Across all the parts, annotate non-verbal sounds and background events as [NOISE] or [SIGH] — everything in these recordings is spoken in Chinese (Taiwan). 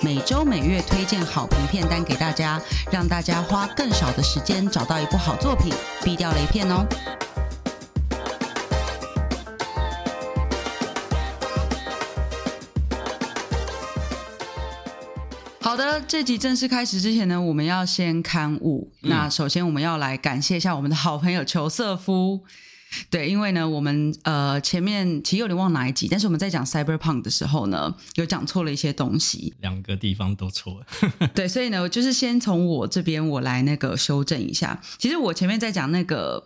每週每月推薦好評片單給大家，讓大家花更少的時間找到一部好作品，避掉雷片哦。好的，這集正式開始之前呢，我們要先勘誤、嗯。那首先我們要來感謝一下我們的好朋友裘瑟夫。對，因為呢，我們呃前面其實有點忘了哪一集，但是我們在講 Cyberpunk 的時候呢，有講錯了一些東西，兩個地方都錯了。 [LAUGHS] 對，所以呢，就是先從我這邊我來那個修正一下。其實我前面在講那個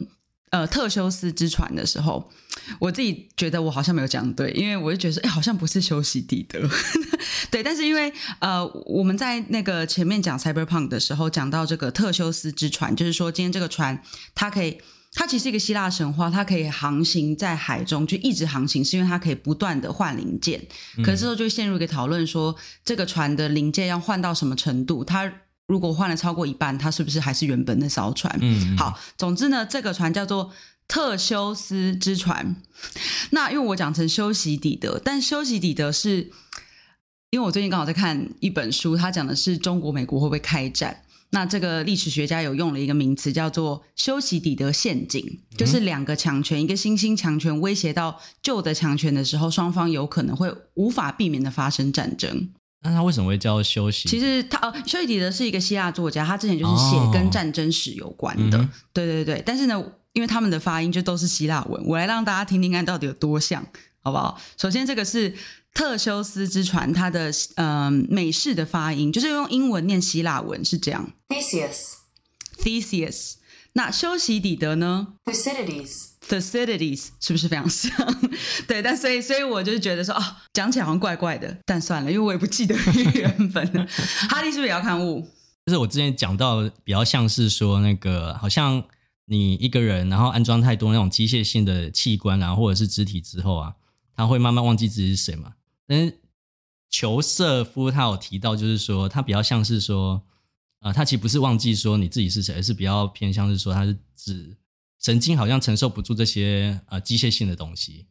呃忒修斯之船的時候，我自己覺得我好像沒有講對，因為我就覺得說哎好像不是休息地的， [LAUGHS] 對。但是因為呃我們在那個前面講 Cyberpunk 的時候，講到這個忒修斯之船，就是說今天這個船它可以。它其實是一個希臘神話，它可以航行在海中，就一直航行，是因為它可以不斷的換零件。嗯、可是之後就陷入一個討論說，說這個船的零件要換到什麼程度？它如果換了超過一半，它是不是還是原本那艘船？嗯，好，總之呢，這個船叫做忒修斯之船。那因為我講成修昔底德，但修昔底德是，因為我最近剛好在看一本書，它講的是中國美國會不會開戰。那這個歷史學家有用了一個名詞，叫做“修昔底德陷阱、嗯”，就是兩個強權，一個新興強權威脅到舊的強權的時候，雙方有可能會無法避免的發生戰爭。那他為什麼會叫“修昔”？其實他呃，修昔底德是一個希臘作家，他之前就是寫跟戰爭史有關的、哦嗯。對對對，但是呢，因為他們的發音就都是希臘文，我來讓大家聽聽看到底有多像。好不好？首先，這個是忒修斯之船，它的嗯、呃、美式的發音就是用英文念希臘文，是這樣。Theseus，Theseus。那修昔底德呢？Thucydides，Thucydides Thucydides，是不是非常像？ [LAUGHS] 對，但所以所以我就覺得說，哦，講起來好像怪怪的，但算了，因為我也不記得原本。 [LAUGHS] 哈利是不是也要看物？就是我之前講到比較像是說那個，好像你一個人，然後安裝太多那種機械性的器官，啊，或者是肢體之後啊。他會慢慢忘記自己是誰嘛？但是裘瑟夫他有提到，就是說他比較像是說，啊、呃，他其實不是忘記說你自己是誰，而是比較偏向是說，他是指神經好像承受不住這些呃機械性的東西。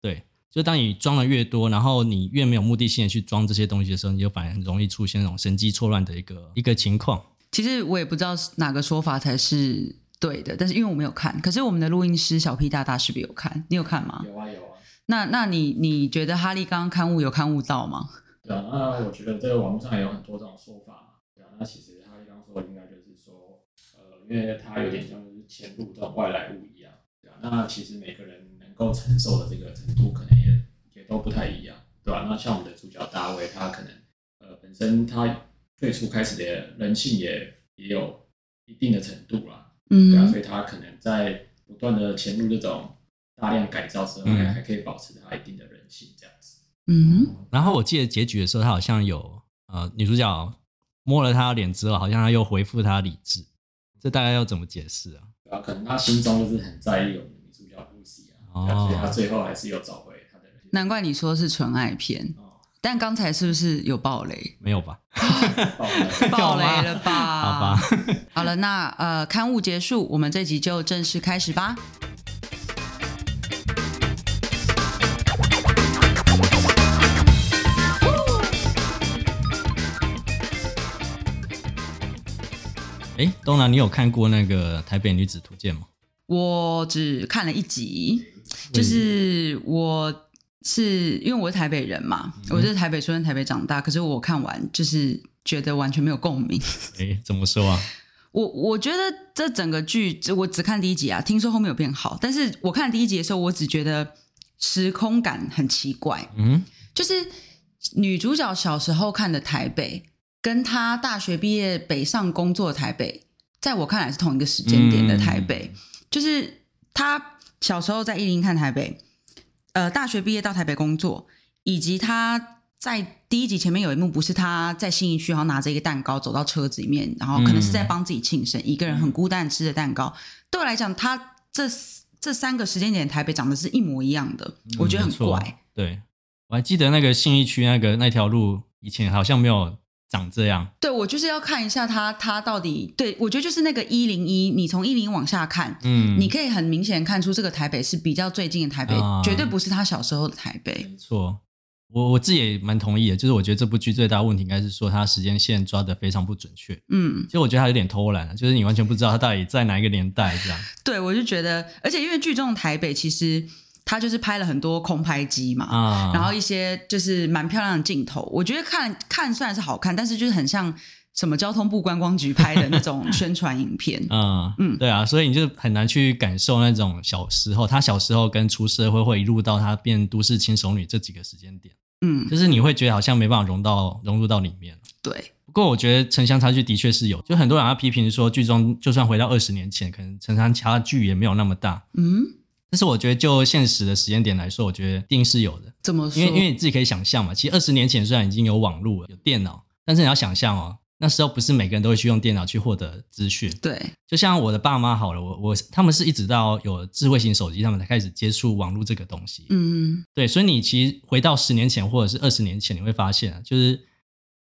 對，就當你裝的越多，然後你越沒有目的性的去裝這些東西的時候，你就反而很容易出現這種神經錯亂的一個一個情況。其實我也不知道哪個說法才是對的，但是因為我沒有看，可是我們的錄音師小 P 大大是不是有看，你有看嗎？有啊，有。那，那你你覺得哈利剛刊物有刊物到嗎？對啊，那我覺得這個網絡上有很多這種說法嘛。對啊，那其實哈利剛說的應該就是說，呃，因為他有點像是潛入到外來物一樣，對啊。那其實每個人能夠承受的這個程度，可能也也都不太一樣，對吧，啊？那像我們的主角大衛，他可能呃本身他最初開始的人性也也有一定的程度啦，嗯，對啊，所以他可能在不斷的潛入這種。大量改造之後，還還可以保持他一定的人性這樣子。嗯，嗯，然後我記得結局的時候，他好像有呃、嗯，女主角摸了他的臉之後，好像他又恢復他理智，這大概要怎麼解釋啊？對啊，可能他心中就是很在意我們的女主角的 Lucy 啊，但、哦、是他最後還是要找回他的人。難怪你說是純愛片，哦、但剛才是不是有暴雷？沒有吧？暴 [LAUGHS] 雷了吧？好吧。 [LAUGHS] 好了，那呃，勘誤結束，我們這集就正式開始吧。哎，多拿，你有看過那個《台北女子圖鑑》嗎？我只看了一集，就是我是因為我是台北人嘛，嗯、我是台北出生、台北長大，可是我看完就是覺得完全沒有共鳴。哎，怎麼說啊？我我覺得這整個劇，我只看第一集啊，聽說後面有變好，但是我看了第一集的時候，我只覺得時空感很奇怪。嗯，就是女主角小時候看的台北。跟他大學畢業北上工作的台北，在我看來是同一個時間點的台北，嗯，就是他小時候在伊林看台北，呃，大學畢業到台北工作，以及他在第一集前面有一幕，不是他在信義區，然後拿着一個蛋糕走到車子裡面，然後可能是在幫自己慶生，嗯，一個人很孤單吃的蛋糕。對我來講，他這這三個時間點的台北長得是一模一樣的，嗯，我覺得很怪。對，我還記得那個信義區那個那條路，以前好像沒有。長這樣，對，我就是要看一下他，他到底對，我覺得就是那個一零一，你從一零一往下看，嗯，你可以很明顯看出這個台北是比較最近的台北，啊、絕對不是他小時候的台北。沒錯，我我自己也蠻同意的，就是我覺得這部劇最大的問題應該是說它時間線抓的非常不準確，嗯，其實我覺得他有點偷懶，就是你完全不知道他到底在哪一個年代這樣。對，我就覺得，而且因為劇中的台北其實。他就是拍了很多空拍機嘛、嗯，然後一些就是蠻漂亮的鏡頭、嗯。我覺得看看算是好看，但是就是很像什麼交通部觀光局拍的那種宣傳影片。嗯嗯，嗯，對啊，所以你就很難去感受那種小時候，他小時候跟出社會會一路到他變都市輕熟女這幾個時間點。嗯，就是你會覺得好像沒辦法融到融入到裡面。對，不過我覺得城鄉差距的確是有，就很多人要批評說，劇中就算回到二十年前，可能城鄉差距也沒有那麼大。嗯。但是我覺得，就現實的時間點來說，我覺得定是有的。怎麼說？因為因為你自己可以想象嘛，其實二十年前雖然已經有網絡、有電腦，但是你要想象哦、喔，那時候不是每個人都會去用電腦去獲得資訊。對，就像我的爸媽好了，我我他們是一直到有智慧型手機，他們才開始接觸網絡這個東西。嗯，對。所以你其實回到十年前或者是二十年前，你會發現啊，就是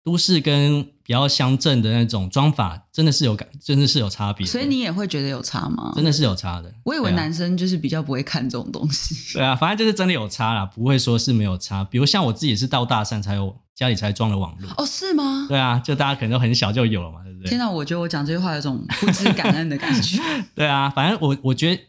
都市跟比較鄉鎮的那種裝法，真的是有感，真的是有差別。所以你也會覺得有差嗎？真的是有差的。我以為男生就是比較不會看這種東西。對啊。對啊，反正就是真的有差啦，不會說是沒有差。比如像我自己是到大三才有家裡才裝了網絡。哦，是嗎？對啊，就大家可能都很小就有了嘛，對不對？天哪，我覺得我講這句話有種不知感恩的感覺。 [LAUGHS] 對啊，反正我我覺得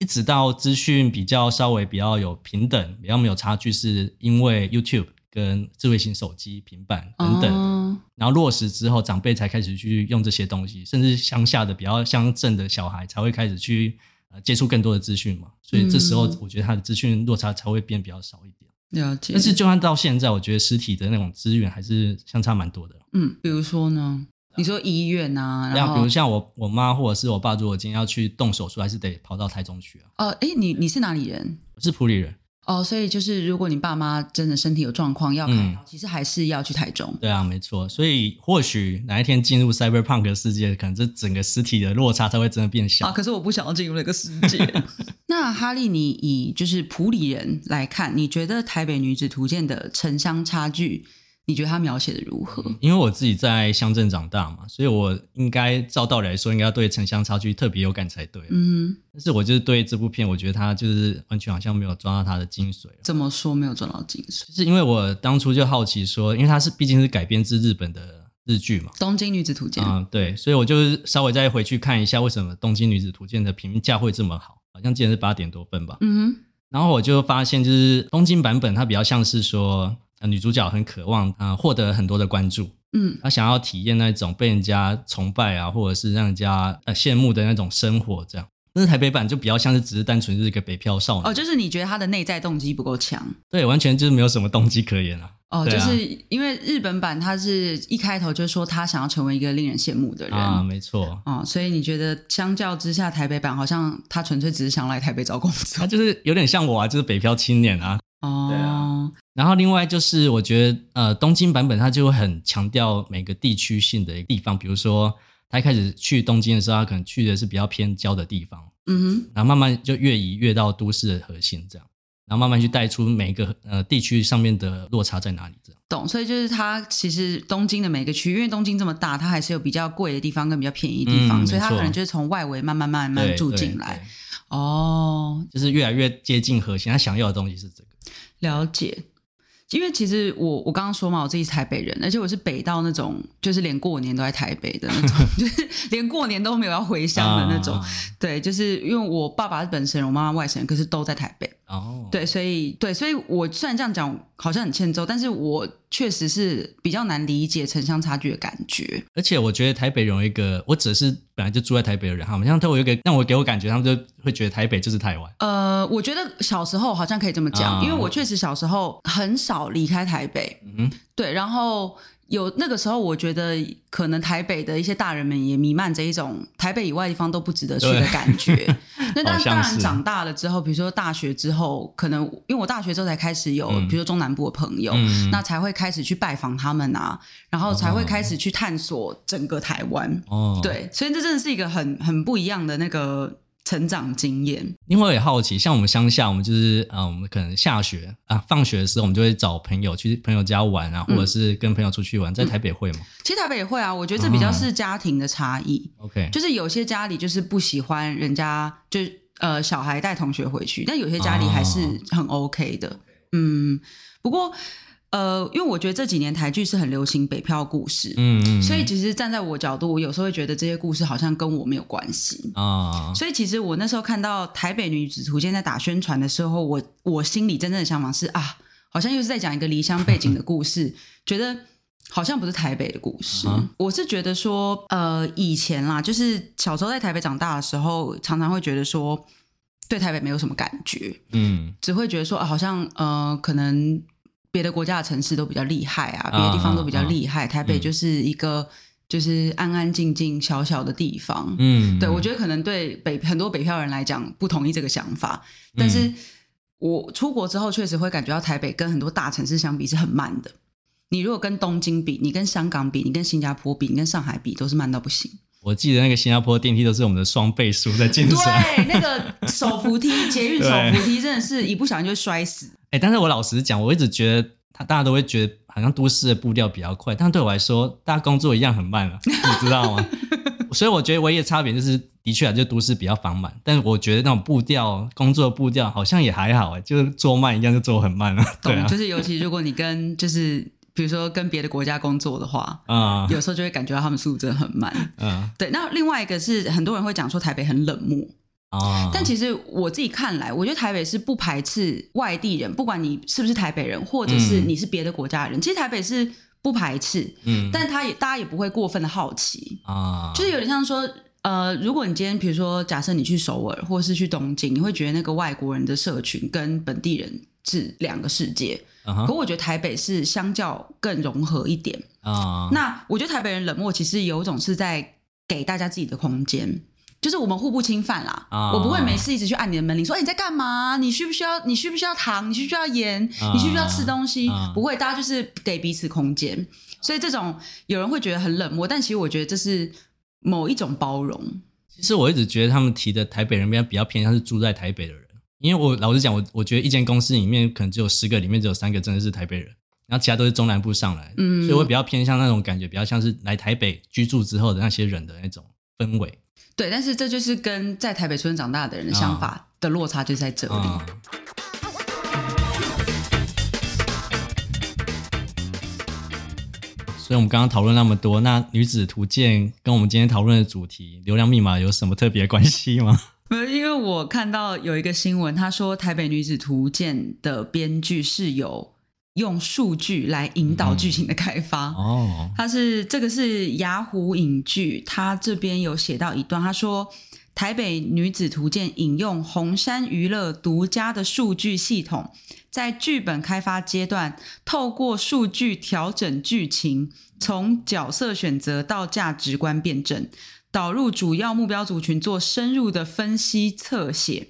一直到資訊比較稍微比較有平等，比較沒有差距，是因為 YouTube。跟智慧型手機、平板等等、啊，然後落實之後，長輩才開始去用這些東西，甚至鄉下的比較鄉鎮的小孩才會開始去、呃、接觸更多的資訊嘛。所以這時候，我覺得他的資訊落差才會變比較少一點、嗯。了解。但是就算到現在，我覺得實體的那種資源還是相差蠻多的。嗯，比如說呢？你說醫院吶、啊？像比如像我我媽或者是我爸，如果今天要去動手術，還是得跑到台中去啊。哦、呃，哎、欸，你你是哪裡人？我是埔里人。哦，所以就是如果你爸媽真的身體有狀況要看、嗯，其實還是要去台中。對啊，沒錯。所以或許哪一天進入 Cyberpunk 世界，可能這整個實體的落差才會真的變小。啊，可是我不想要進入那個世界。 [LAUGHS] 那哈利，你以就是埔里人來看，你覺得台北女子圖鑑的城鄉差距？你覺得他描寫的如何？嗯，因為我自己在鄉鎮長大嘛，所以我應該照道理來說，應該要對城鄉差距特別有感才對啊。嗯，但是我就是對這部片，我覺得它就是完全好像沒有抓到它的精髓。怎麼說沒有抓到精髓？是因為我當初就好奇說，因為它是畢竟是改編自日本的日劇嘛，《東京女子圖鑑》，嗯，對，所以我就是稍微再回去看一下，為什麼《東京女子圖鑑》的評價會這麼好，好像竟然是八點多分吧。嗯哼，然後我就發現，就是東京版本它比較像是說。呃、女主角很渴望，啊、呃，獲得很多的關注，嗯，她想要體驗那種被人家崇拜啊，或者是讓人家呃羨慕的那種生活，這樣。但是台北版就比較像是只是單純是一個北漂少女哦。就是你覺得她的內在動機不夠強？對，完全就是沒有什麼動機可言了，啊。哦，就是因為日本版它是一開頭就是說她想要成為一個令人羨慕的人，啊，沒錯啊，哦，所以你覺得相較之下，台北版好像她純粹只是想來台北找工作，她就是有點像我，啊，就是北漂青年啊。然後另外就是，我覺得，呃，東京版本它就很強調每個地區性的地方，比如說他一開始去東京的時候，他可能去的是比較偏郊的地方，嗯哼，然後慢慢就越移越到都市的核心，這樣，然後慢慢去帶出每個呃地區上面的落差在哪裡，這樣。懂，所以就是它其實東京的每個區，因為東京這麼大，它還是有比較貴的地方跟比較便宜的地方，嗯、所以它可能就是從外圍慢慢慢慢住進來，哦，就是越來越接近核心，他想要的東西是這個，了解。因為其實我我剛剛說嘛，我自己是台北人，而且我是北到那種，就是連過年都在台北的那種， [LAUGHS] 就是連過年都沒有要回鄉的那種，啊。對，就是因為我爸爸是本省人，我媽媽外省人，可是都在台北。哦，對，所以對，所以我雖然這樣講好像很欠揍，但是我確實是比較難理解城鄉差距的感覺。而且我覺得台北有一個，我只是本來就住在台北的人，哈，他們像他有一個讓我給我感覺，他們就會覺得台北就是台灣。呃，我覺得小時候好像可以這麼講，因為我確實小時候很少離開台北。嗯，對，然後。有那個時候，我覺得可能台北的一些大人們也瀰漫着一種台北以外地方都不值得去的感覺。 [LAUGHS] 那但當然長大了之後，比如說大學之後，可能因為我大學之後才開始有，嗯、比如說中南部的朋友、嗯，那才會開始去拜訪他們啊，然後才會開始去探索整個台灣。哦、對，所以這真的是一個很很不一樣的那個。成長經驗，因為我也好奇，像我們鄉下，我們就是，呃，我們可能下學啊，放學的時候，我們就會找朋友去朋友家玩啊、嗯，或者是跟朋友出去玩，在台北會嗎、嗯嗯？其實台北也會啊，我覺得這比較是家庭的差異。OK，、哦、就是有些家裡就是不喜歡人家就呃小孩帶同學回去，但有些家裡還是很 OK 的。哦、嗯，不過。呃，因為我覺得這幾年台劇是很流行北漂故事，嗯，所以其實站在我角度，我有時候會覺得這些故事好像跟我沒有關係啊、哦。所以其實我那時候看到《台北女子圖鑑》在打宣傳的時候，我我心裡真正的想法是啊，好像又是在講一個離鄉背景的故事呵呵，覺得好像不是台北的故事、嗯。我是覺得說，呃，以前啦，就是小時候在台北長大的時候，常常會覺得說對台北沒有什麼感覺，嗯，只會覺得說、呃、好像呃，可能。別的國家的城市都比較厲害啊，別的地方都比較厲害，oh, oh, oh. 台北就是一個、嗯、就是安安靜靜小小的地方。嗯，對我覺得可能對北很多北漂人來講不同意這個想法，但是我出國之後確實會感覺到台北跟很多大城市相比是很慢的。你如果跟東京比，你跟香港比，你跟新加坡比，你跟上海比，都是慢到不行。我記得那個新加坡電梯都是我們的雙倍速在進行。那個手扶梯，捷運手扶梯，真的是一不小心就會摔死。哎，欸，但是我老實講，我一直覺得他大家都會覺得好像都市的步調比較快，但對我來說，大家工作一樣很慢了，啊，你知道嗎？ [LAUGHS] 所以我覺得唯一的差別就是，的確啊，就都市比較繁忙，但是我覺得那種步調，工作的步調好像也還好，欸，就是做慢一樣就做很慢了，啊。懂對，啊，就是尤其如果你跟就是。比如說跟別的國家工作的話，啊、uh,，有時候就會感覺到他們速度真的很慢，嗯、uh,，對。那另外一個是，很多人會講說台北很冷漠，uh, 但其實我自己看來，我覺得台北是不排斥外地人，不管你是不是台北人，或者是你是別的國家的人、嗯，其實台北是不排斥，嗯，但他也大家也不會過分的好奇，啊、uh,，就是有點像說，呃，如果你今天比如說假設你去首爾或是去東京，你會覺得那個外國人的社群跟本地人。是兩個世界，uh -huh. 可我覺得台北是相較更融合一點啊。Uh -huh. 那我覺得台北人冷漠，其實有一種是在給大家自己的空間，就是我們互不侵犯啦。Uh -huh. 我不會每次一直去按你的門鈴說：“哎、uh -huh.，你在幹嘛？你需不需要？你需不需要糖？你需不需要鹽？Uh -huh. 你需不需要吃東西？” uh -huh. 不會，大家就是給彼此空間。所以這種有人會覺得很冷漠，但其實我覺得這是某一種包容。就是，其實我一直覺得他們提的台北人比較比較偏向是住在台北的人。因為我老實講，我我覺得一間公司裡面可能只有十個，裡面只有三個真的是台北人，然後其他都是中南部上來，嗯，所以我比較偏向那種感覺，比較像是來台北居住之後的那些人的那種氛圍。對，但是這就是跟在台北出生長大的人的想法的落差就在這裡。嗯嗯、所以，我們剛剛討論那麼多，那女子圖鑑跟我們今天討論的主題“流量密碼”有什麼特別的關係嗎？因為我看到有一個新聞，他說《台北女子圖鑑》的編劇是有用數據來引導劇情的開發。嗯、哦，他是這個是雅虎影劇，他這邊有寫到一段，他說《台北女子圖鑑》引用紅山娛樂獨家的數據系統，在劇本開發階段，透過數據調整劇情，從角色選擇到價值觀辯證。導入主要目標族群做深入的分析側寫，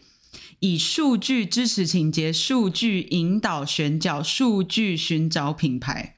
以數據支持情節，數據引導選角，數據尋找品牌。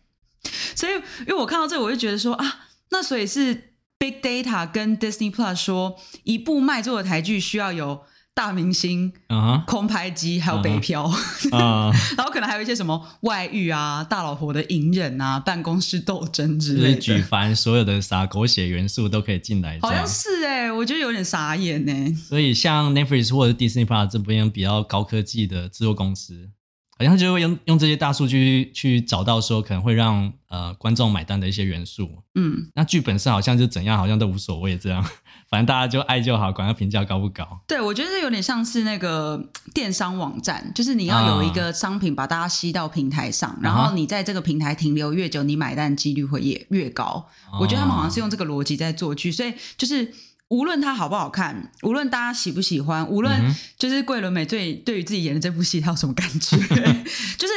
所以，因為我看到這，我就覺得說啊，那所以是 Big Data 跟 Disney Plus 說，一部賣座的台劇需要有。大明星啊，uh -huh，空拍機，還有北漂啊，uh -huh, uh -huh. [LAUGHS] 然後可能還有一些什麼外遇啊、大老婆的隱忍啊、辦公室鬥爭之類的，就是、舉凡所有的啥狗血元素都可以進來。好像是哎、欸，我覺得有點傻眼呢、欸。所以像 Netflix 或者是 Disney Plus 這邊比較高科技的制作公司，好像就會用用這些大數據去找到說可能會讓呃觀眾買單的一些元素。嗯，那劇本上好像就怎樣，好像都無所謂這樣。反正大家就愛就好，管他評價高不高。對，我覺得有點像是那個電商網站，就是你要有一個商品把大家吸到平台上，啊、然後你在這個平台停留越久，你買單幾率會也越高，啊。我覺得他們好像是用這個邏輯在做劇，所以就是無論它好不好看，無論大家喜不喜歡，無論就是桂綸鎂對對於自己演的這部戲他有什麼感覺，嗯、 [LAUGHS] 就是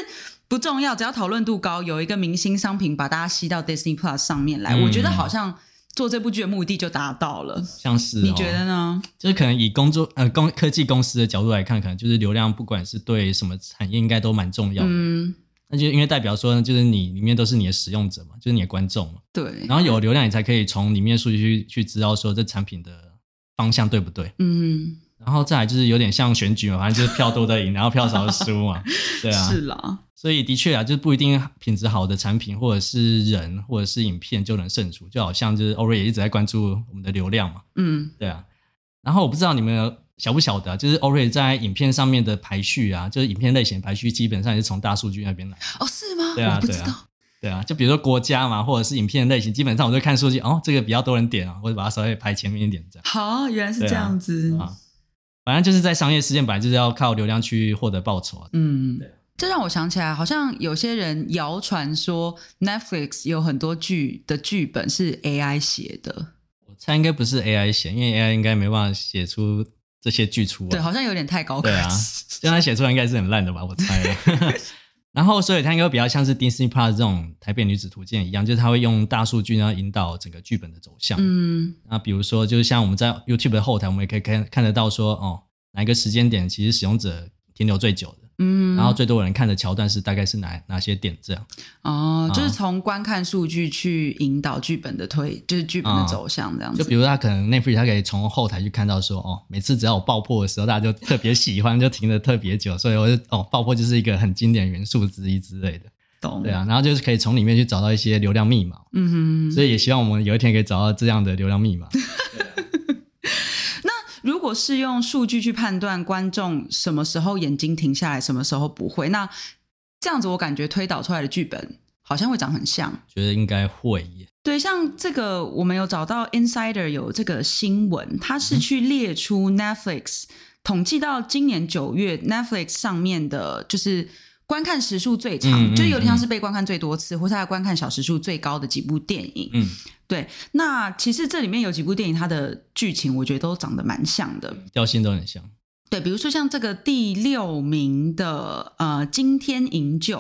不重要，只要討論度高，有一個明星商品把大家吸到 Disney Plus 上面來，我覺得好像。做這部劇的目的就達到了，像是、哦、你覺得呢？就是可能以工作呃，科技公司的角度來看，可能就是流量不管是對什麼產業應該都蠻重要的。嗯，那就因為代表說呢，就是你裡面都是你的使用者嘛，就是你的觀眾嘛。對，然後有流量，你才可以從裡面數據去去知道說這產品的方向對不對？嗯。然後再來就是有點像選舉嘛，反正就是票多的贏， [LAUGHS] 然後票少的輸嘛。對啊。是啦。所以的確啊，就不一定品質好的產品，或者是人，或者是影片就能勝出。就好像就是 awwrated 也一直在關注我們的流量嘛。嗯。對啊。然後我不知道你們曉不曉得啊，就是 awwrated 在影片上面的排序啊，就是影片類型排序，基本上也是從大數據那邊來。哦，是嗎？對啊。我不知道。對啊。就比如說國家嘛，或者是影片類型，基本上我都看數據哦，這個比較多人點啊，我就把它稍微排前面一點這樣。好，原來是這樣子啊。啊反正就是在商業世界，本來就是要靠流量去獲得報酬啊。嗯，對，這讓我想起來，好像有些人謠傳說 Netflix 有很多劇的劇本是 AI 寫的。我猜應該不是 AI 寫，因為 AI 應該沒辦法寫出這些劇出來啊。對，好像有點太高。對啊，讓他寫出來應該是很爛的吧？我猜。 [LAUGHS] 然後，所以它應該會比較像是 Disney Plus 這種台北女子圖鑑一樣，就是它會用大數據呢引導整個劇本的走向。嗯，那比如說，就是像我們在 YouTube 的後台，我們也可以看看得到說，哦，哪一個時間點其實使用者停留最久的。嗯，然後最多人看的橋段是大概是哪哪些點這樣？哦，就是從觀看數據去引導劇本的推，就是劇本的走向這樣子，嗯。就比如他，可能 Netflix 他可以從後台去看到說，哦，每次只要我爆破的時候，大家就特別喜歡， [LAUGHS] 就停得特別久，所以我就哦，爆破就是一個很經典元素之一之類的。懂，對啊。然後就是可以從裡面去找到一些流量密碼。嗯哼嗯，所以也希望我們有一天可以找到這樣的流量密碼。 [LAUGHS] 如果是用數據去判斷觀眾什麼時候眼睛停下來，什麼時候不會，那這樣子我感覺推導出來的劇本好像會長很像，覺得應該會。對，像這個我們有找到 Insider 有這個新聞，它是去列出 Netflix、嗯、統計到今年九月 Netflix 上面的，就是。觀看時數最長、嗯，就有點像是被觀看最多次，嗯嗯、或是它觀看小時數最高的幾部電影。嗯，對。那其實這裡面有幾部電影，它的劇情我覺得都長得蠻像的，調性都很像。對，比如說像這個第六名的呃《驚天營救》，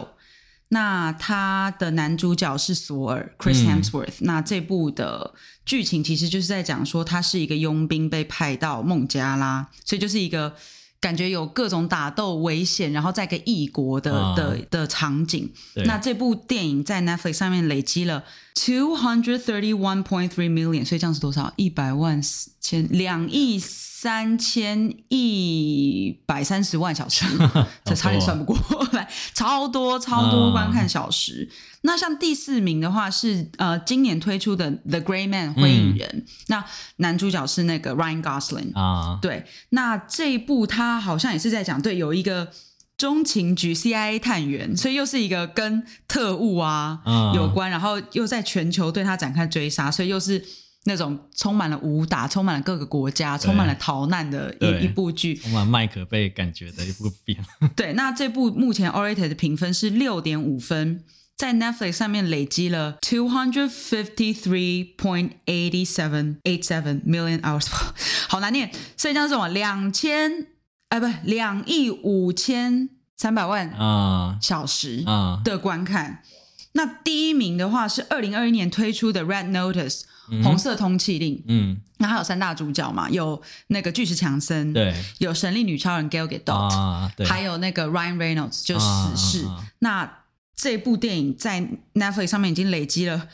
那它的男主角是索爾 Chris Hemsworth、嗯。那這部的劇情其實就是在講說，他是一個傭兵被派到孟加拉，所以就是一個。感覺有各種打鬥危險，然後在給異國的、啊、的的場景，那這部電影在 Netflix 上面累積了。Two hundred thirty one point three million，所以這樣是多少？一百萬千兩億三千一百三十萬小時，這 [LAUGHS] 差點算不過來，oh, 超多超多觀看小時。Uh, 那像第四名的話是呃，今年推出的《The Gray Man》灰影人，那男主角是那個 Ryan Gosling 啊、uh.，對，那這一部他好像也是在講對，有一個。中情局 （CIA） 探員，所以又是一個跟特務啊有關、嗯，然後又在全球對他展開追殺，所以又是那種充滿了武打、充滿了各個國家、充滿了逃難的一一部劇，充滿麥可貝感覺的一部片。 [LAUGHS] 對，那這部目前 awwrated 的評分是六點五分，在 Netflix 上面累積了 two hundred fifty three point eight seven eight seven million hours，好難念，所以叫做兩千。哎，不，兩億五千三百萬啊小時啊的觀看。Uh, uh, 那第一名的話是二零二一年推出的《Red Notice》，嗯，紅色通緝令。嗯，那還有三大主角嘛，有那個巨石強森，對，有神力女超人 Gal Gadot，uh, 還有那個 Ryan Reynolds 就死侍。Uh, uh, uh, 那這部電影在 Netflix 上面已經累積了。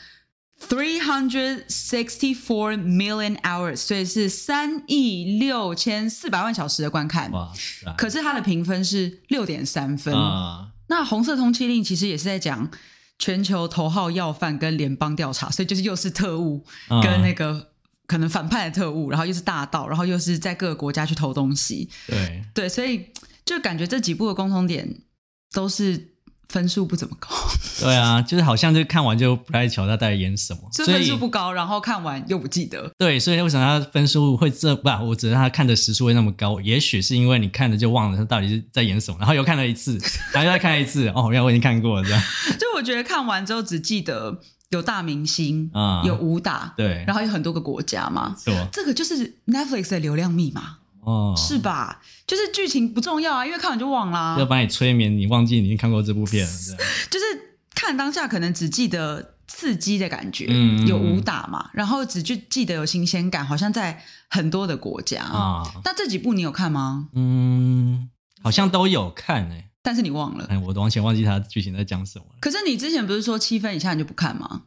Three hundred sixty-four million hours，所以是三億六千四百萬小時的觀看。哇！可是它的評分是六點三分。啊、那《紅色通緝令》其實也是在講全球頭號要犯跟聯邦調查，所以就是又是特務跟那個可能反派的特務，啊、然後又是大盜，然後又是在各個國家去偷東西。對對，所以就感覺這幾部的共同點都是。分數不怎麼高，對啊，就是好像就看完就不太曉得他在演什麼，就分數不高，然後看完又不記得，對，所以為什麼他分數會這不、啊？我覺得他看的時數會那麼高，也許是因為你看了就忘了他到底是在演什麼，然後又看了一次，然後又再看一次， [LAUGHS] 哦，原來我已經看過了，這樣。就我覺得看完之後只記得有大明星啊、嗯，有武打，對，然後有很多個國家嘛，是嗎？這個就是 Netflix 的流量密碼。哦，是吧？就是劇情不重要啊，因為看完就忘了、啊。就要把你催眠，你忘記你看過這部片了。 [LAUGHS] 就是看當下，可能只記得刺激的感覺，嗯、有武打嘛，然後只就記得有新鮮感，好像在很多的國家啊。那、哦、這幾部你有看嗎？嗯，好像都有看誒、欸，但是你忘了。哎、我都完全忘記它劇情在講什麼了。可是你之前不是說七分以下你就不看嗎？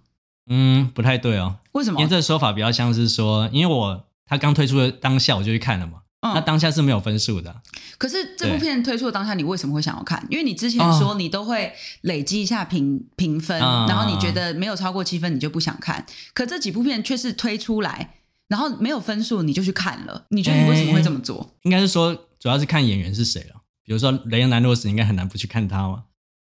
嗯，不太對哦。為什麼？因為這個說法比較像是說，因為我他剛推出的當下我就去看了嘛。哦、那當下是沒有分數的、啊。可是這部片推出的當下，你為什麼會想要看？因為你之前說你都會累積一下評評、哦、分，然後你覺得沒有超過七分，你就不想看。嗯嗯嗯嗯，可這幾部片卻是推出來，然後沒有分數你就去看了。你覺得你為什麼會這麼做？欸、應該是說，主要是看演員是誰了。比如說雷恩雷諾斯應該很難不去看他嗎？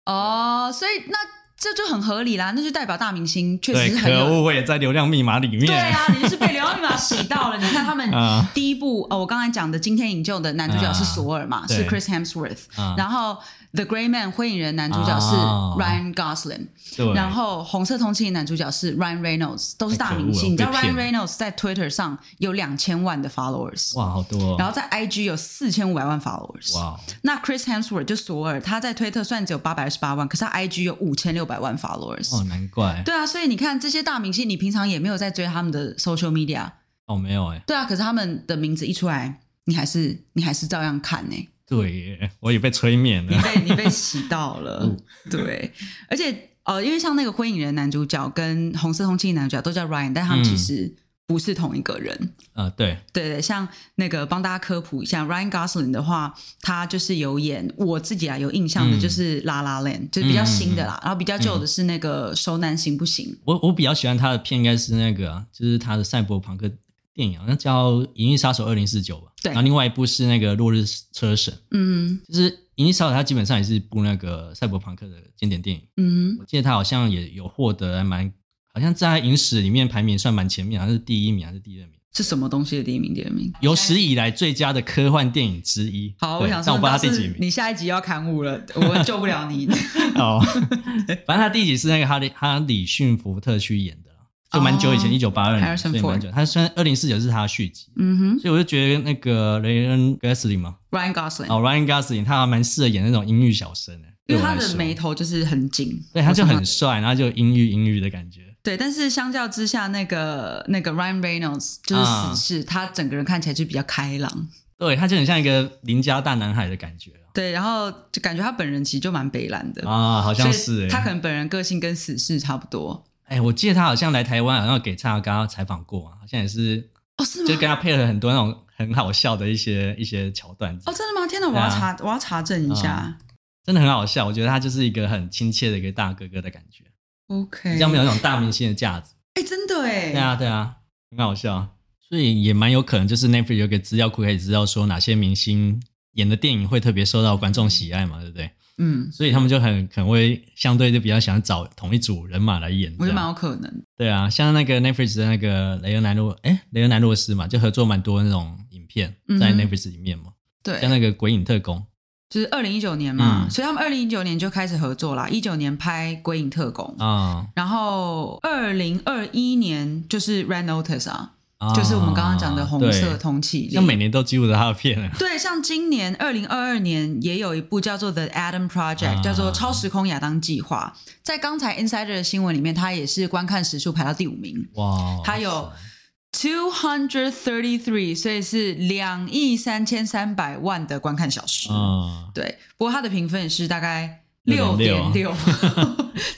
哦，所以那。這就很合理啦，那就代表大明星確實是很合可惡。我也在流量密碼裡面。對啊，你是被流量密碼洗到了。 [LAUGHS] 你看他們第一部，啊、哦，我剛才講的《驚天營救》的男主角是索爾嘛，啊、是 Chris Hemsworth、啊。然後《The Gray Man》灰影人男主角是 Ryan、啊、Gosling。然後《紅色通緝令》男主角是 Ryan Reynolds，都是大明星。哎、你知道 Ryan Reynolds 在 Twitter 上有兩千萬的 followers，哇，好多、哦。然後在 IG 有四千五百萬 followers，哇。那 Chris Hemsworth 就索爾，他在 Twitter 算只有八百二十八萬，可是他 IG 有五千六。百萬法羅爾哦，難怪。對啊，所以你看這些大明星，你平常也沒有在追他們的 social media 哦，沒有哎、欸，對啊，可是他們的名字一出來，你還是你還是照樣看呢、欸？對耶，我也被催眠了， [LAUGHS] 你被你被洗到了，嗯、對，而且哦、呃，因為像那個《灰影人》男主角跟《紅色通緝令》男主角都叫 Ryan，但他們其實、嗯。不是同一個人啊、呃，對對對，像那個幫大家科普一下像，Ryan Gosling 的話，他就是有演我自己啊有印象的就是 La La Land,、嗯，就是《拉拉鏈》，就是比較新的啦、嗯，然後比較舊的是那個《熟男行不行》，我。我我比較喜歡他的片，應該是那個、啊，就是他的賽博朋克電影、啊，那叫《銀翼殺手二零四九》吧。對，然後另外一部是那個《落日車神》。嗯，就是《銀翼殺手》，他基本上也是部那個賽博朋克的經典電影。嗯，我記得他好像也有獲得還蠻。好像在影史裡面排名算蠻前面，好像是第一名還是第二名？是什麼東西的第一名、第二名？有史以來最佳的科幻電影之一。好，但我想我不知道第幾名。你下一集要砍我了，我救不了你。哦 [LAUGHS] 好， [LAUGHS] 反正他第一集是那個哈利·哈利遜·福特去演的，就蠻久以前，一九八二年。所以蠻久，他現在二零四九是他的續集。嗯哼。所以我就覺得那個雷，雷恩·戈斯林嘛，Ryan Gosling，oh。哦，Ryan Gosling，他蠻適合演那種陰鬱小生的，因為他的眉頭就是很緊，對，他就很帥，然後就陰鬱陰鬱的感覺。對，但是相較之下，那個那個 Ryan Reynolds 就是死侍，嗯，他整個人看起來就比較開朗。對，他就很像一個鄰家大男孩的感覺。對，然後就感覺他本人其實就蠻北蘭的啊，哦，好像是。他可能本人個性跟死侍差不多。哎，欸，我記得他好像來台灣，然後給蔡康永採訪過，好像也是。哦，是嗎？就跟他配合很多那種很好笑的一些一些橋段。哦，真的嗎？天哪，啊，我要查，我要查證一下，嗯。真的很好笑，我覺得他就是一個很親切的一個大哥哥的感覺。OK，這樣沒有那種大明星的架子。哎、欸，真的哎。對啊，對啊，很好笑。所以也蠻有可能，就是 Netflix 有個資料庫，可以知道說哪些明星演的電影會特別受到觀眾喜愛嘛，對不對？嗯。所以他們就很可能會相對就比較想找同一組人馬來演這。我覺得蠻有可能。對啊，像那個 Netflix 的那個雷恩·南洛，誒、欸、雷恩·南洛斯嘛，就合作蠻多那種影片，嗯、在 Netflix 裡面嘛。對。像那個《鬼影特攻》。就是二零一九年嘛、嗯，所以他們二零一九年就開始合作啦。一九年拍《鬼影特攻》，啊、哦，然後二零二一年就是《Red Notice》啊、哦，就是我們剛剛講的《紅色通緝令》，那每年都記錄着他的片。對，像今年二零二二年也有一部叫做《The Adam Project、哦》，叫做《超時空亞當計畫》。在剛才 Insider 的新聞裡面，他也是觀看時數排到第五名。哇，他有。Two hundred thirty three，所以是兩億三千三百萬的觀看小時。嗯，對。不過它的評分是大概六點六，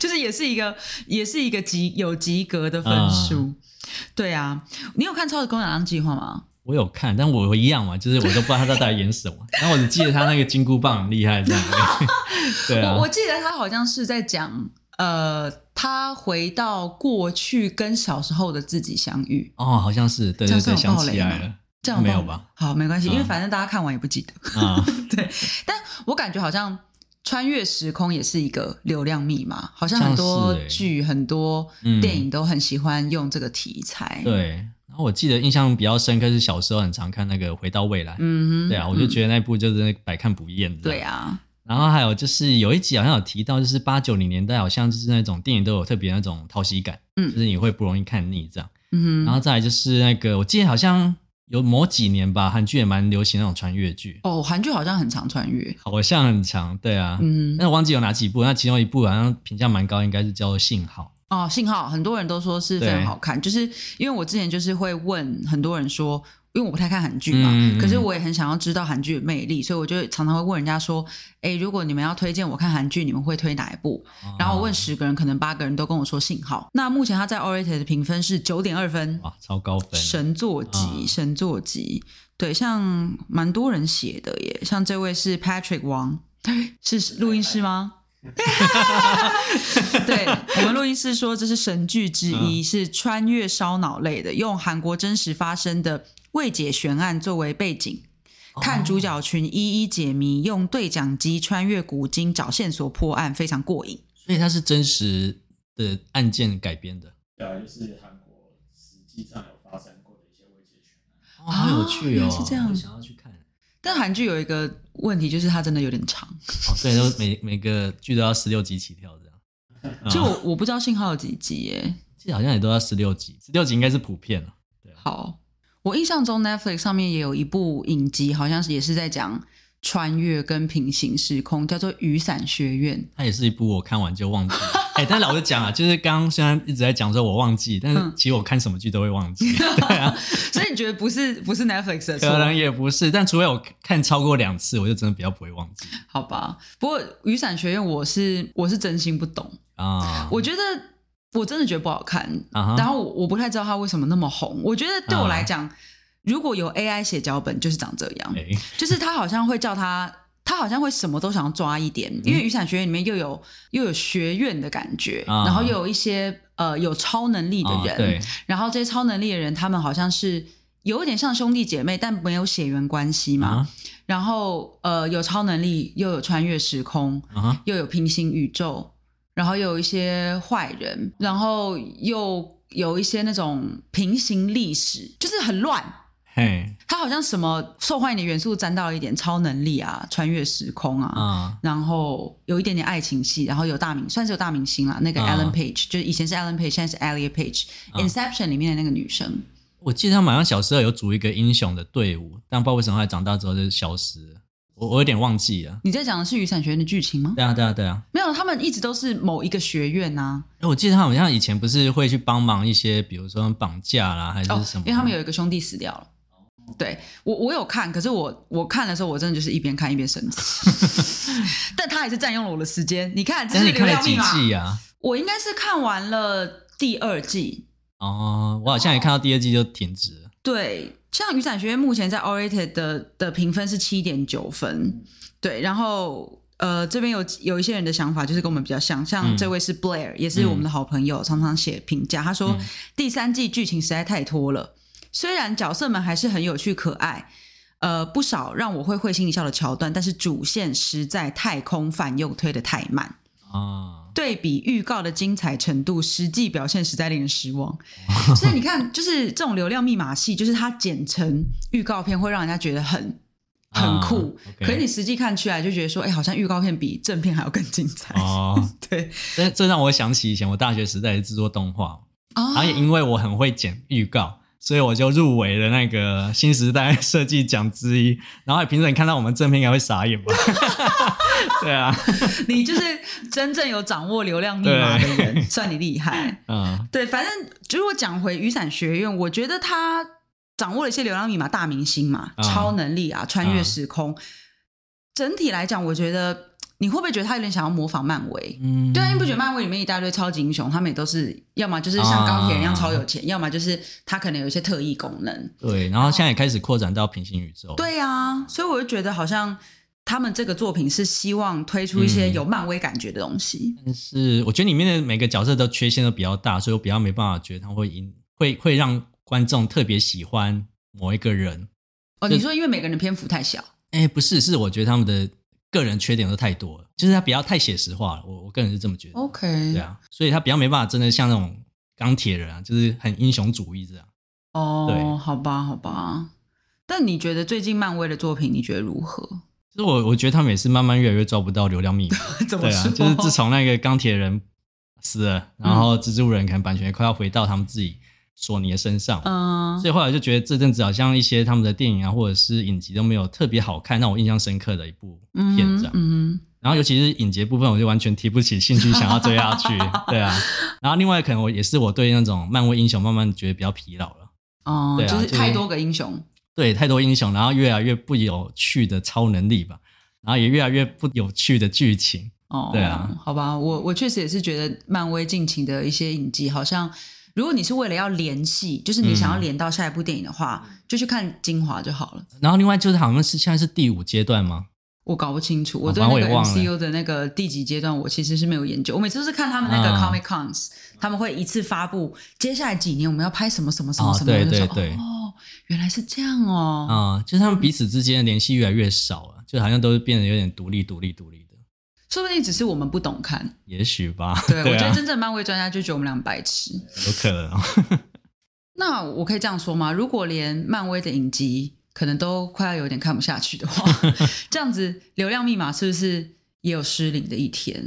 就是也是一個，也是一個及有及格的分數、嗯。對啊，你有看《超時空亞當計畫》嗎？我有看，但我一樣嘛，就是我都不知道他在演什麼，然 [LAUGHS] 後我只記得他那個金箍棒很厲害，這樣。 [LAUGHS] 對，對啊我，我記得他好像是在講。呃，他回到過去跟小時候的自己相遇哦，好像是對對對，爆雷了，這樣沒有吧、啊？好，沒關係、啊，因為反正大家看完也不記得。啊、 [LAUGHS] 對，但我感覺好像穿越時空也是一個流量密碼，好像很多像劇、很多電影都很喜歡用這個題材。嗯、對，然後我記得印象比較深刻是小時候很常看那個《回到未來》，嗯哼，對啊，我就覺得那部就是百看不厭的、嗯嗯。對啊。然後還有就是有一集好像有提到，就是八九零年代好像就是那種電影都有特別那種討喜感，嗯，就是你會不容易看膩這樣，嗯哼。然後再來就是那個，我記得好像有某幾年吧，韓劇也蠻流行那種穿越劇。哦，韓劇好像很常穿越，好像很常，對啊，嗯哼，那我忘記有哪幾部。那其中一部好像評價蠻高，應該是叫做《信號》。哦，《信號》很多人都說是非常好看，就是因為我之前就是會問很多人說。因為我不太看韓劇嘛、嗯，可是我也很想要知道韓劇的魅力，所以我就常常會問人家說：“哎、欸，如果你們要推薦我看韓劇，你們會推哪一部？”啊、然後我問十個人，可能八個人都跟我說《信號》。那目前他在 awwrated 的評分是九點二分，哇，超高分！神作級，啊，神作級，對，像蠻多人寫的耶。像這位是 Patrick Wang，對，是錄音師嗎？哎哎、 [LAUGHS] [LAUGHS] 對，我們錄音師說，這是神劇之一、嗯，是穿越燒腦類的，用韓國真實發生的。未解懸案作為背景，看主角群一一解謎、哦，用對講機穿越古今找線索破案，非常過癮。所以它是真實的案件改編的，對、啊，就是韓國實際上有發生過的一些未解懸案。哦，好有趣哦，哦是這樣，我想要去看。但韓劇有一個問題，就是它真的有點長。哦，所以都每每個劇都要十六集起跳，這樣。 [LAUGHS] 嗯、就我，我不知道信號有幾集耶，其實好像也都要十六集，十六集應該是普遍了、啊。對，好。我印象中，Netflix 上面也有一部影集，好像是也是在講穿越跟平行時空，叫做《雨傘學院》。它也是一部我看完就忘記。哎、 [LAUGHS] 欸，但老實講啊，就是剛剛雖然一直在講說我忘記，但是其實我看什麼劇都會忘記，嗯、對啊。 [LAUGHS] 所以你覺得不是不是 Netflix 的錯？可能也不是，但除非我看超過兩次，我就真的比較不會忘記。好吧，不過《雨傘學院》我是我是真心不懂啊、嗯，我覺得。我真的覺得不好看，uh -huh. 然後我不太知道他為什麼那麼紅。我覺得對我來講，uh -huh. 如果有 AI 寫腳本，就是長這樣，uh -huh. 就是他好像會叫他，他好像會什麼都想要抓一點。Uh -huh. 因為《雨傘學院》裡面又有又有學院的感覺，uh -huh. 然後又有一些呃有超能力的人，uh -huh. 然後這些超能力的人他們好像是有一點像兄弟姐妹，但沒有血緣關係嘛。Uh -huh. 然後呃有超能力，又有穿越時空，uh -huh. 又有平行宇宙。然後有一些壞人，然後又有一些那種平行歷史，就是很亂。嘿、hey. 嗯，他好像什麼受歡迎的元素沾到了一點超能力啊，穿越時空啊，uh. 然後有一點點愛情戲，然後有大明算是有大明星啦，那個 Ellen Page、uh. 就以前是 Ellen Page，現在是 Elliot Page，、uh.《Inception》裡面的那個女生。我記得他好像小時候有組一個英雄的隊伍，但不知道為什麼他還長大之後就消失了。我我有點忘記了，你在講的是雨傘學院的劇情嗎？對啊對啊對啊，沒有，他們一直都是某一個學院吶、啊呃。我記得他們好像以前不是會去幫忙一些，比如說綁架啦，還是什麼、哦？因為他們有一個兄弟死掉了。嗯、對，我我有看，可是我我看的時候，我真的就是一邊看一邊生氣。 [LAUGHS] [LAUGHS] 但他也是佔用了我的時間。你看，這是你看了幾季啊？我應該是看完了第二季哦。我好像也看到第二季就停止了。哦對，像雨傘學院目前在 awwrated 的的評分是七點九分，對，然後呃這邊有有一些人的想法就是跟我們比較像，像這位是 Blair，、嗯、也是我們的好朋友，嗯、常常寫評價，他說、嗯、第三季劇情實在太拖了，雖然角色們還是很有趣可愛，呃不少讓我會會心一笑的橋段，但是主線實在太空泛又推得太慢啊。哦對比預告的精彩程度，實際表現實在令人失望、哦。所以你看，就是這種流量密碼戲，就是它剪成預告片會讓人家覺得很、啊、很酷、okay，可是你實際看出來就覺得說，哎、欸，好像預告片比正片還要更精彩。哦， [LAUGHS] 對。這這讓我想起以前我大學時代是制作動畫，而、哦、也因為我很會剪預告，所以我就入圍了那個新時代設計獎之一。然後評審看到我們正片應該會傻眼吧。 [LAUGHS] 對啊，你就是真正有掌握流量密碼的人，算你厲害。 [LAUGHS] 嗯，對，反正如果講回雨傘學院，我覺得他掌握了一些流量密碼，大明星嘛，嗯、超能力啊，穿越時空。嗯、整體來講，我覺得你會不會覺得他有點想要模仿漫威？嗯對，對啊，因為不覺得漫威裡面一大堆超級英雄，他們也都是要麼就是像鋼鐵人一樣超有錢，啊、要麼就是他可能有一些特異功能。對，然後現在也開始擴展到平行宇宙。對啊，所以我就覺得好像。他們這個作品是希望推出一些有漫威感覺的東西，嗯，但是我覺得裡面的每個角色都缺陷都比較大，所以我比較沒辦法覺得他會贏會會讓觀眾特別喜歡某一個人。哦，你說因為每個人的篇幅太小？哎、欸，不是，是我覺得他們的個人缺點都太多了，就是他比較太寫實化了。我我個人是這麼覺得。OK，對啊，所以他比較沒辦法真的像那種鋼鐵人啊，就是很英雄主義這樣、啊。哦對，好吧，好吧。但你覺得最近漫威的作品，你覺得如何？其實我我覺得他們也是慢慢越來越抓不到流量密碼，對啊，就是自從那個鋼鐵人死了、嗯，然後蜘蛛人可能版權也快要回到他們自己索尼的身上，嗯，所以後來我就覺得這陣子好像一些他們的電影啊或者是影集都沒有特別好看，讓我印象深刻的一部片子、嗯嗯，嗯，然後尤其是影集部分，我就完全提不起興趣想要追下去， [LAUGHS] 對啊，然後另外可能我也是我對那種漫威英雄慢慢覺得比較疲勞了，哦、嗯啊，就是太多個英雄。對，太多英雄，然後越來越不有趣的超能力吧，然後也越來越不有趣的劇情。哦，對啊，嗯、好吧，我我確實也是覺得漫威近期的一些影集，好像如果你是為了要聯繫，就是你想要連到下一部電影的話、嗯，就去看精華就好了。然後另外就是好像是現在是第五階段嗎？我搞不清楚，我對那個 MCU 的那個第幾階段，我其實是沒有研究。我每次都是看他們那個 Comic Cons，、嗯、他們會一次發布接下來幾年我們要拍什麼什麼什麼什麼、哦。對對對。對哦。原來是這樣哦，啊、嗯，就是他們彼此之間的聯繫越來越少了，就好像都是變得有點獨立、獨立、獨立的。說不定只是我們不懂看，也許吧。對，對啊、我覺得真正漫威專家就覺得我們倆白痴，有可能、哦。 [LAUGHS] 那我可以這樣說嗎？如果連漫威的影集可能都快要有點看不下去的話， [LAUGHS] 這樣子流量密碼是不是也有失靈的一天？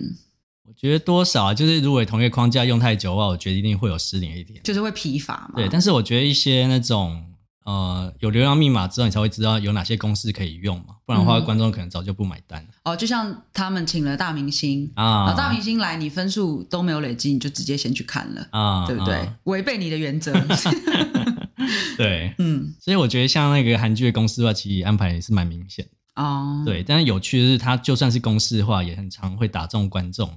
我覺得多少、啊，就是如果同一個框架用太久的話，我覺得一定會有失靈的一天，就是會疲乏嘛。對，但是我覺得一些那種。呃，有流量密碼之後，你才會知道有哪些公式可以用嘛？不然的話，觀眾可能早就不買單了、嗯、哦，就像他們請了大明星啊,啊，大明星來，你分數都沒有累積，你就直接先去看了啊，對不對、啊？違背你的原則。 [LAUGHS] [LAUGHS] 對，嗯，所以我覺得像那個韓劇的公式化，其實安排也是蠻明顯的啊、嗯。對，但是有趣的是，它就算是公式化也很常會打中觀眾。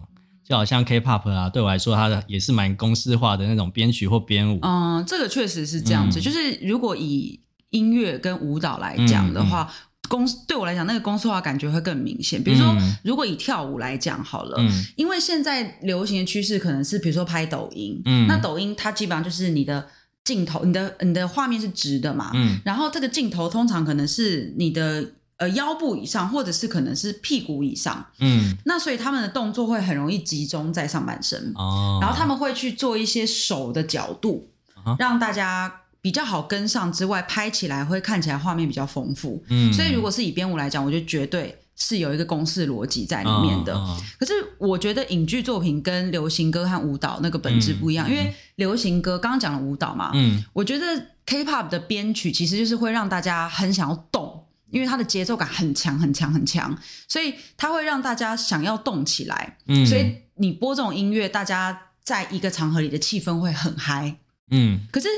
就好像 K-pop 啊，對我來說，它的也是蠻公式化的那種編曲或編舞。嗯、呃，這個確實是這樣子、嗯。就是如果以音樂跟舞蹈來講的話，嗯嗯、公對我來講，那個公式化感覺會更明顯。比如說，嗯、如果以跳舞來講好了、嗯，因為現在流行的趨勢可能是，比如說拍抖音。嗯，那抖音它基本上就是你的鏡頭，你的你的畫面是直的嘛。嗯，然後這個鏡頭通常可能是你的。呃，腰部以上，或者是可能是屁股以上，嗯，那所以他們的動作會很容易集中在上半身，哦，然後他們會去做一些手的角度，啊、讓大家比較好跟上之外，拍起來會看起來畫面比較豐富，嗯，所以如果是以編舞來講，我覺得絕對是有一個公式邏輯在裡面的、哦。可是我覺得影劇作品跟流行歌和舞蹈那個本質不一樣、嗯，因為流行歌剛剛講的舞蹈嘛，嗯，我覺得 K-pop 的編曲其實就是會讓大家很想要動。因為它的節奏感很強很強很強，所以它會讓大家想要動起來。嗯，所以你播這種音樂，大家在一個場合裡的氣氛會很嗨。嗯，可是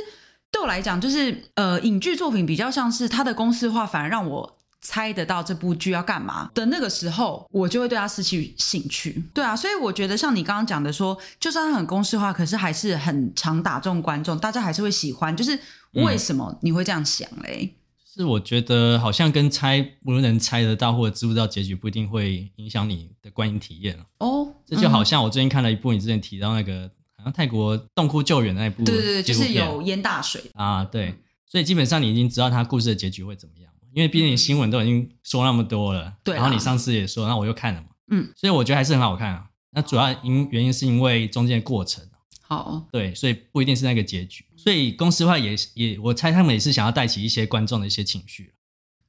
對我來講，就是呃，影劇作品比較像是它的公式化，反而讓我猜得到這部劇要幹嘛的那個時候，我就會對它失去興趣。對啊，所以我覺得像你剛剛講的說，就算很公式化，可是還是很常打中觀眾，大家還是會喜歡。就是為什麼你會這樣想嘞？嗯是我覺得好像跟猜不能猜得到，或者知不知道結局不一定會影響你的觀影體驗哦、嗯。這就好像我最近看了一部你之前提到那個好像泰國洞窟救援那部，對，對對，就是有淹大水啊，對、嗯。所以基本上你已經知道他故事的結局會怎麼樣，因為畢竟你新聞都已經說那麼多了。對、嗯。然後你上次也說，那我又看了嘛。嗯。所以我覺得還是很好看啊。那主要因原因是因為中間的過程。好。對，所以不一定是那個結局。所以公司的話也也，我猜他們也是想要帶起一些觀眾的一些情緒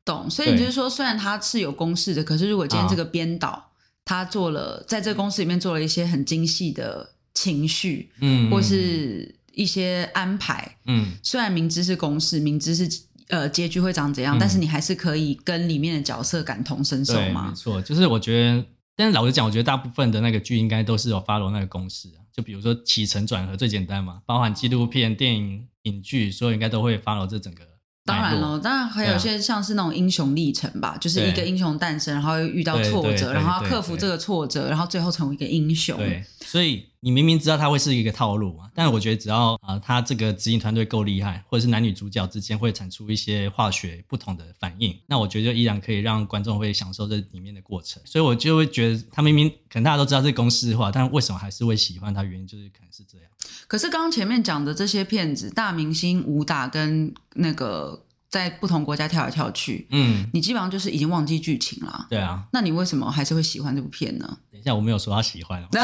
懂，所以你就是說，雖然他是有公式的，可是如果今天這個編導、啊、他做了，在這個公司裡面做了一些很精細的情緒，嗯，或是一些安排，嗯，雖然明知是公式，明知是呃結局會長怎樣、嗯，但是你還是可以跟裡面的角色感同身受嘛。沒錯，就是我覺得，但是老實講，我覺得大部分的那個劇應該都是有 follow 那個公式啊。就比如說起承轉合最簡單嘛，包含紀錄片、電影、影劇，所以應該都會 follow 這整個。當然了，當然還有一些像是那種英雄歷程吧，嗯、就是一個英雄誕生，然後又遇到挫折，然後克服這個挫折，然後最後成為一個英雄。對，所以。你明明知道它會是一個套路嘛，但是我覺得只要啊，它、呃、這個執行團隊夠厲害，或者是男女主角之間會產出一些化學不同的反應，那我覺得就依然可以讓觀眾會享受這裡面的過程。所以，我就會覺得它明明可能大家都知道是公式化，但為什麼還是會喜歡它？原因就是可能是這樣。可是剛剛前面講的這些片子，大明星、武打跟那個在不同國家跳來跳去，嗯，你基本上就是已經忘記劇情了。對啊，那你為什麼還是會喜歡這部片呢？等一下，我沒有說他喜歡。 [LAUGHS]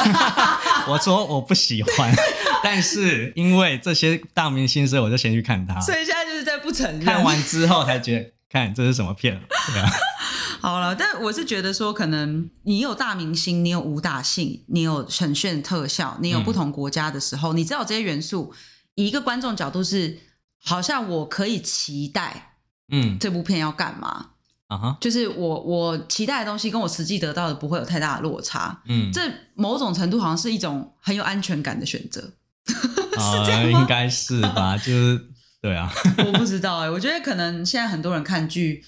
我說我不喜歡， [LAUGHS] 但是因為這些大明星，所以我就先去看他。所以現在就是在不承認。看完之後才覺得， [LAUGHS] 看這是什麼片？對啊、好了，但我是覺得說，可能你有大明星，你有武打性，你有呈現特效，你有不同國家的時候，嗯、你知道這些元素，以一個觀眾角度是，好像我可以期待，嗯，這部片要幹嘛？嗯啊、uh -huh. 就是我我期待的東西跟我實際得到的不會有太大的落差。嗯，這某種程度好像是一種很有安全感的選擇， [LAUGHS] 是這樣嗎？uh, 應該是吧，uh. 就是對啊， [LAUGHS] 我不知道哎、欸，我覺得可能現在很多人看劇，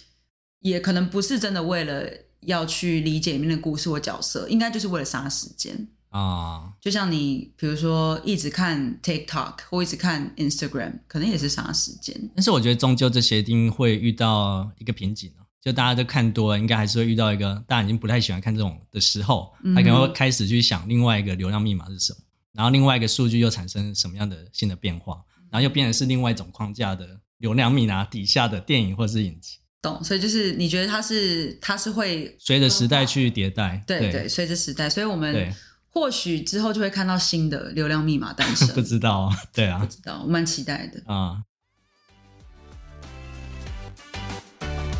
也可能不是真的為了要去理解裡面的故事或角色，應該就是為了殺時間啊。Uh. 就像你比如說一直看 TikTok 或一直看 Instagram，可能也是殺時間。但是我覺得終究這些一定會遇到一個瓶頸哦就大家都看多了，應該還是會遇到一個大家已經不太喜歡看這種的時候，他、嗯、可能會開始去想另外一個流量密碼是什麼，然後另外一個數據又產生什麼樣的新的變化，然後又變成是另外一種框架的流量密碼底下的電影或是影集。懂，所以就是你覺得它是它是會隨着時代去迭代？對對，隨着時代，所以我們或許之後就會看到新的流量密碼誕生。 [LAUGHS] 不知道，對啊，不知道，我蠻期待的啊。嗯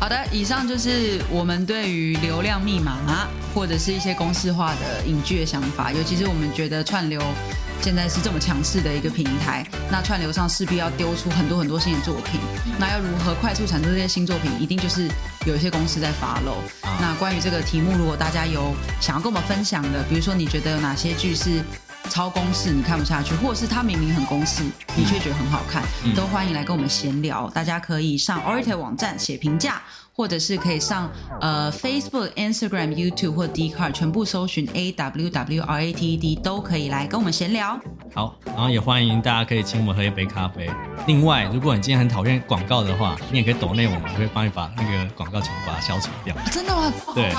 好的，以上就是我們對於流量密碼或者是一些公式化的影劇的想法。尤其是我們覺得串流現在是這麼強勢的一個平台，那串流上勢必要丟出很多很多新的作品。那要如何快速產出這些新作品，一定就是有一些公司在發漏。那關於這個題目，如果大家有想要跟我們分享的，比如說你覺得有哪些劇是？超公式，你看不下去，或者是他明明很公式，嗯、你卻覺得很好看，嗯，都歡迎來跟我們閒聊。大家可以上 awwrated 網站寫評價，或者是可以上呃 Facebook、Instagram、YouTube 或 Dcard 全部搜尋 A W W R A T E D，都可以來跟我們閒聊。好，然後也歡迎大家可以請我們喝一杯咖啡。另外，如果你今天很討厭廣告的話，你也可以抖內我們可以幫你把那個廣告全部把它消除掉、啊。真的嗎？對，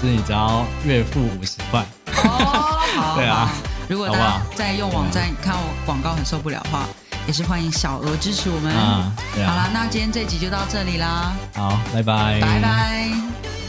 是你只要月付五十塊。哦，好。 [LAUGHS] 對啊。如果大家在用網站看我廣告很受不了的話，也是歡迎小額支持我們。啊啊、好啦，那今天這集就到這裡啦。好，拜拜，拜拜。